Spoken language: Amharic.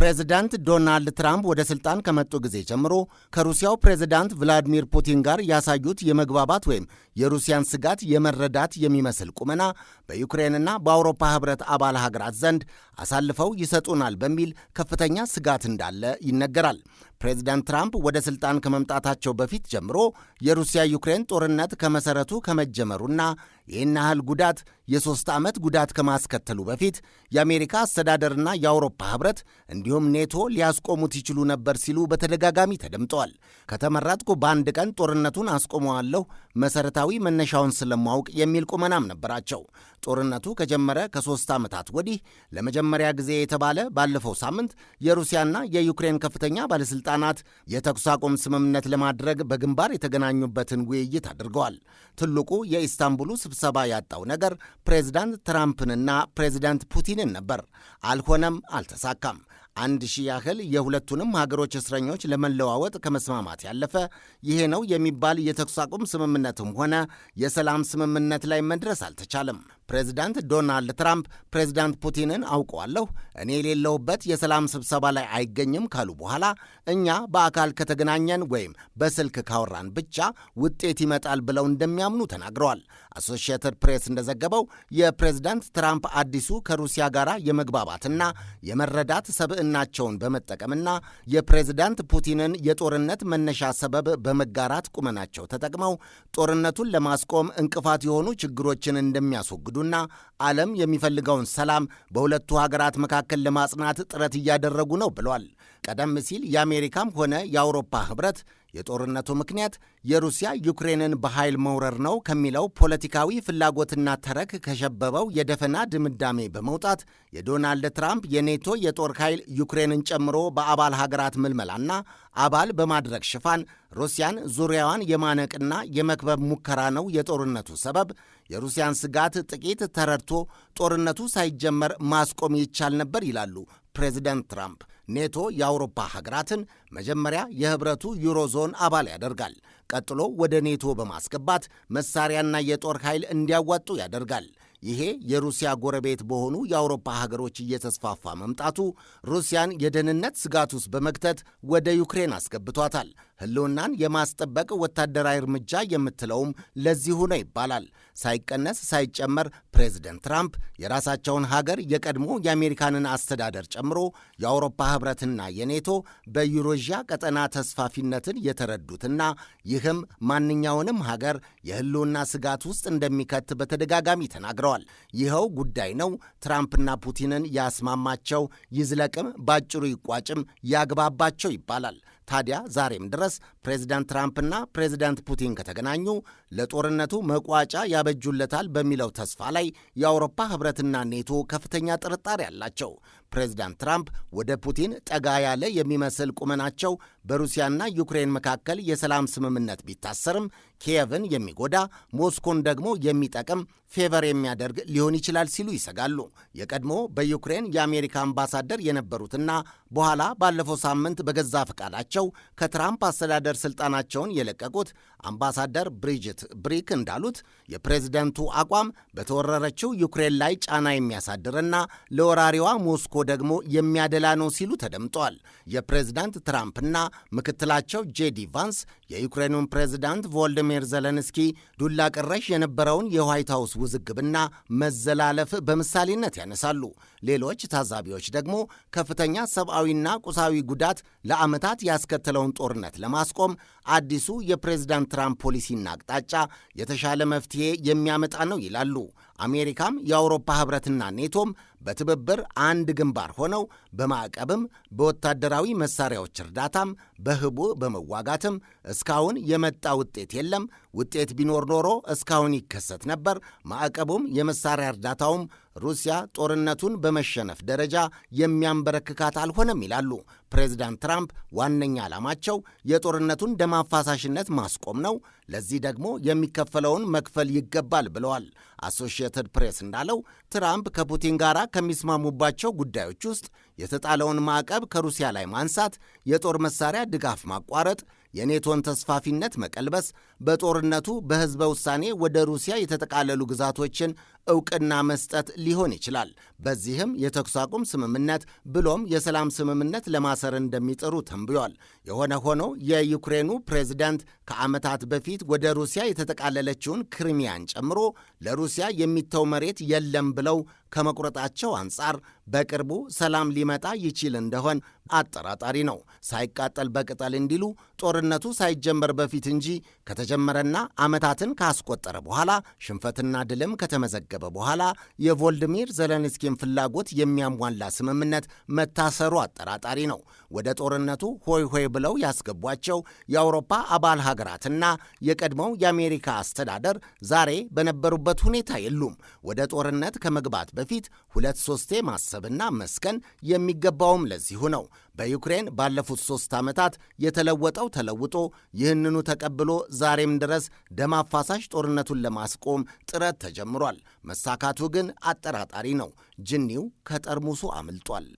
ፕሬዝዳንት ዶናልድ ትራምፕ ወደ ስልጣን ከመጡ ጊዜ ጀምሮ ከሩሲያው ፕሬዝዳንት ቭላዲሚር ፑቲን ጋር ያሳዩት የመግባባት ወይም የሩሲያን ስጋት የመረዳት የሚመስል ቁመና በዩክሬንና በአውሮፓ ሕብረት አባል ሀገራት ዘንድ አሳልፈው ይሰጡናል በሚል ከፍተኛ ስጋት እንዳለ ይነገራል። ፕሬዚዳንት ትራምፕ ወደ ሥልጣን ከመምጣታቸው በፊት ጀምሮ የሩሲያ ዩክሬን ጦርነት ከመሠረቱ ከመጀመሩና ይህን ያህል ጉዳት የሦስት ዓመት ጉዳት ከማስከተሉ በፊት የአሜሪካ አስተዳደርና የአውሮፓ ኅብረት እንዲሁም ኔቶ ሊያስቆሙት ይችሉ ነበር ሲሉ በተደጋጋሚ ተደምጠዋል። ከተመረጥኩ በአንድ ቀን ጦርነቱን አስቆመዋለሁ፣ መሠረታዊ መነሻውን ስለማውቅ የሚል ቁመናም ነበራቸው። ጦርነቱ ከጀመረ ከሦስት ዓመታት ወዲህ ለመጀመሪያ ጊዜ የተባለ ባለፈው ሳምንት የሩሲያና የዩክሬን ከፍተኛ ባለሥልጣናት የተኩስ አቁም ስምምነት ለማድረግ በግንባር የተገናኙበትን ውይይት አድርገዋል። ትልቁ የኢስታንቡሉ ስብሰባ ያጣው ነገር ፕሬዝዳንት ትራምፕንና ፕሬዝዳንት ፑቲንን ነበር። አልሆነም፣ አልተሳካም። አንድ ሺህ ያህል የሁለቱንም ሀገሮች እስረኞች ለመለዋወጥ ከመስማማት ያለፈ ይሄ ነው የሚባል የተኩስ አቁም ስምምነትም ሆነ የሰላም ስምምነት ላይ መድረስ አልተቻለም። ፕሬዚዳንት ዶናልድ ትራምፕ ፕሬዚዳንት ፑቲንን አውቀዋለሁ፣ እኔ የሌለሁበት የሰላም ስብሰባ ላይ አይገኝም ካሉ በኋላ እኛ በአካል ከተገናኘን ወይም በስልክ ካወራን ብቻ ውጤት ይመጣል ብለው እንደሚያምኑ ተናግረዋል። አሶሺየትድ ፕሬስ እንደዘገበው የፕሬዚዳንት ትራምፕ አዲሱ ከሩሲያ ጋር የመግባባትና የመረዳት ሰብ ስብዕናቸውን በመጠቀምና የፕሬዝዳንት ፑቲንን የጦርነት መነሻ ሰበብ በመጋራት ቁመናቸው ተጠቅመው ጦርነቱን ለማስቆም እንቅፋት የሆኑ ችግሮችን እንደሚያስወግዱና ዓለም የሚፈልገውን ሰላም በሁለቱ ሀገራት መካከል ለማጽናት ጥረት እያደረጉ ነው ብሏል። ቀደም ሲል የአሜሪካም ሆነ የአውሮፓ ህብረት የጦርነቱ ምክንያት የሩሲያ ዩክሬንን በኃይል መውረር ነው ከሚለው ፖለቲካዊ ፍላጎትና ተረክ ከሸበበው የደፈና ድምዳሜ በመውጣት የዶናልድ ትራምፕ የኔቶ የጦር ኃይል ዩክሬንን ጨምሮ በአባል ሀገራት ምልመላና አባል በማድረግ ሽፋን ሩሲያን ዙሪያዋን የማነቅና የመክበብ ሙከራ ነው የጦርነቱ ሰበብ። የሩሲያን ስጋት ጥቂት ተረድቶ ጦርነቱ ሳይጀመር ማስቆም ይቻል ነበር ይላሉ ፕሬዚደንት ትራምፕ። ኔቶ የአውሮፓ ሀገራትን መጀመሪያ የህብረቱ ዩሮዞን አባል ያደርጋል። ቀጥሎ ወደ ኔቶ በማስገባት መሳሪያና የጦር ኃይል እንዲያዋጡ ያደርጋል። ይሄ የሩሲያ ጎረቤት በሆኑ የአውሮፓ ሀገሮች እየተስፋፋ መምጣቱ ሩሲያን የደህንነት ስጋት ውስጥ በመክተት ወደ ዩክሬን አስገብቷታል። ህልውናን የማስጠበቅ ወታደራዊ እርምጃ የምትለውም ለዚሁ ነው ይባላል። ሳይቀነስ ሳይጨመር ፕሬዝደንት ትራምፕ የራሳቸውን ሀገር የቀድሞ የአሜሪካንን አስተዳደር ጨምሮ የአውሮፓ ህብረትና የኔቶ በዩሮዥያ ቀጠና ተስፋፊነትን የተረዱትና ይህም ማንኛውንም ሀገር የህልውና ስጋት ውስጥ እንደሚከት በተደጋጋሚ ተናግረዋል። ይኸው ጉዳይ ነው ትራምፕና ፑቲንን ያስማማቸው፣ ይዝለቅም፣ ባጭሩ ይቋጭም፣ ያግባባቸው ይባላል። ታዲያ ዛሬም ድረስ ፕሬዚዳንት ትራምፕና ፕሬዚዳንት ፑቲን ከተገናኙ ለጦርነቱ መቋጫ ያበጁለታል በሚለው ተስፋ ላይ የአውሮፓ ህብረትና ኔቶ ከፍተኛ ጥርጣሬ አላቸው። ፕሬዚዳንት ትራምፕ ወደ ፑቲን ጠጋ ያለ የሚመስል ቁመናቸው በሩሲያና ዩክሬን መካከል የሰላም ስምምነት ቢታሰርም ኪየቭን የሚጎዳ ሞስኮን ደግሞ የሚጠቅም ፌቨር የሚያደርግ ሊሆን ይችላል ሲሉ ይሰጋሉ። የቀድሞ በዩክሬን የአሜሪካ አምባሳደር የነበሩትና በኋላ ባለፈው ሳምንት በገዛ ፈቃዳቸው ከትራምፕ አስተዳደር ስልጣናቸውን የለቀቁት አምባሳደር ብሪጅት ብሪክ እንዳሉት የፕሬዝደንቱ አቋም በተወረረችው ዩክሬን ላይ ጫና የሚያሳድርና ለወራሪዋ ሞስኮ ደግሞ የሚያደላ ነው ሲሉ ተደምጧል። የፕሬዝዳንት ትራምፕና ምክትላቸው ጄዲ ቫንስ የዩክሬኑን ፕሬዝዳንት ቮልዲሚር ዘለንስኪ ዱላ ቅረሽ የነበረውን የዋይት ሀውስ ውዝግብና መዘላለፍ በምሳሌነት ያነሳሉ። ሌሎች ታዛቢዎች ደግሞ ከፍተኛ ሰብአዊና ቁሳዊ ጉዳት ለዓመታት ያስከተለውን ጦርነት ለማስቆም አዲሱ የፕሬዝዳንት ትራምፕ ፖሊሲና አቅጣጫ የተሻለ መፍትሄ የሚያመጣ ነው ይላሉ። አሜሪካም የአውሮፓ ህብረትና ኔቶም በትብብር አንድ ግንባር ሆነው በማዕቀብም በወታደራዊ መሳሪያዎች እርዳታም በህቡ በመዋጋትም እስካሁን የመጣ ውጤት የለም። ውጤት ቢኖር ኖሮ እስካሁን ይከሰት ነበር። ማዕቀቡም የመሳሪያ እርዳታውም ሩሲያ ጦርነቱን በመሸነፍ ደረጃ የሚያንበረክካት አልሆነም ይላሉ ፕሬዚዳንት ትራምፕ። ዋነኛ ዓላማቸው የጦርነቱን ደም አፋሳሽነት ማስቆም ነው። ለዚህ ደግሞ የሚከፈለውን መክፈል ይገባል ብለዋል። አሶሺየትድ ፕሬስ እንዳለው ትራምፕ ከፑቲን ጋር ከሚስማሙባቸው ጉዳዮች ውስጥ የተጣለውን ማዕቀብ ከሩሲያ ላይ ማንሳት፣ የጦር መሳሪያ ድጋፍ ማቋረጥ የኔቶን ተስፋፊነት መቀልበስ፣ በጦርነቱ በሕዝበ ውሳኔ ወደ ሩሲያ የተጠቃለሉ ግዛቶችን እውቅና መስጠት ሊሆን ይችላል። በዚህም የተኩስ አቁም ስምምነት ብሎም የሰላም ስምምነት ለማሰር እንደሚጥሩ ተንብዮአል። የሆነ ሆኖ የዩክሬኑ ፕሬዝዳንት ከዓመታት በፊት ወደ ሩሲያ የተጠቃለለችውን ክሪሚያን ጨምሮ ለሩሲያ የሚተው መሬት የለም ብለው ከመቁረጣቸው አንጻር በቅርቡ ሰላም ሊመጣ ይችል እንደሆን አጠራጣሪ ነው። ሳይቃጠል በቅጠል እንዲሉ ጦርነቱ ሳይጀመር በፊት እንጂ ከተጀመረና ዓመታትን ካስቆጠረ በኋላ ሽንፈትና ድልም ከተመዘገበ ከተመዘገበ በኋላ የቮልድሚር ዘለንስኪን ፍላጎት የሚያሟላ ስምምነት መታሰሩ አጠራጣሪ ነው። ወደ ጦርነቱ ሆይ ሆይ ብለው ያስገቧቸው የአውሮፓ አባል ሀገራትና የቀድሞው የአሜሪካ አስተዳደር ዛሬ በነበሩበት ሁኔታ የሉም። ወደ ጦርነት ከመግባት በፊት ሁለት ሶስቴ ማሰብና መስከን የሚገባውም ለዚሁ ነው። በዩክሬን ባለፉት ሶስት ዓመታት የተለወጠው ተለውጦ ይህንኑ ተቀብሎ ዛሬም ድረስ ደም አፋሳሽ ጦርነቱን ለማስቆም ጥረት ተጀምሯል። መሳካቱ ግን አጠራጣሪ ነው። ጅኒው ከጠርሙሱ አምልጧል።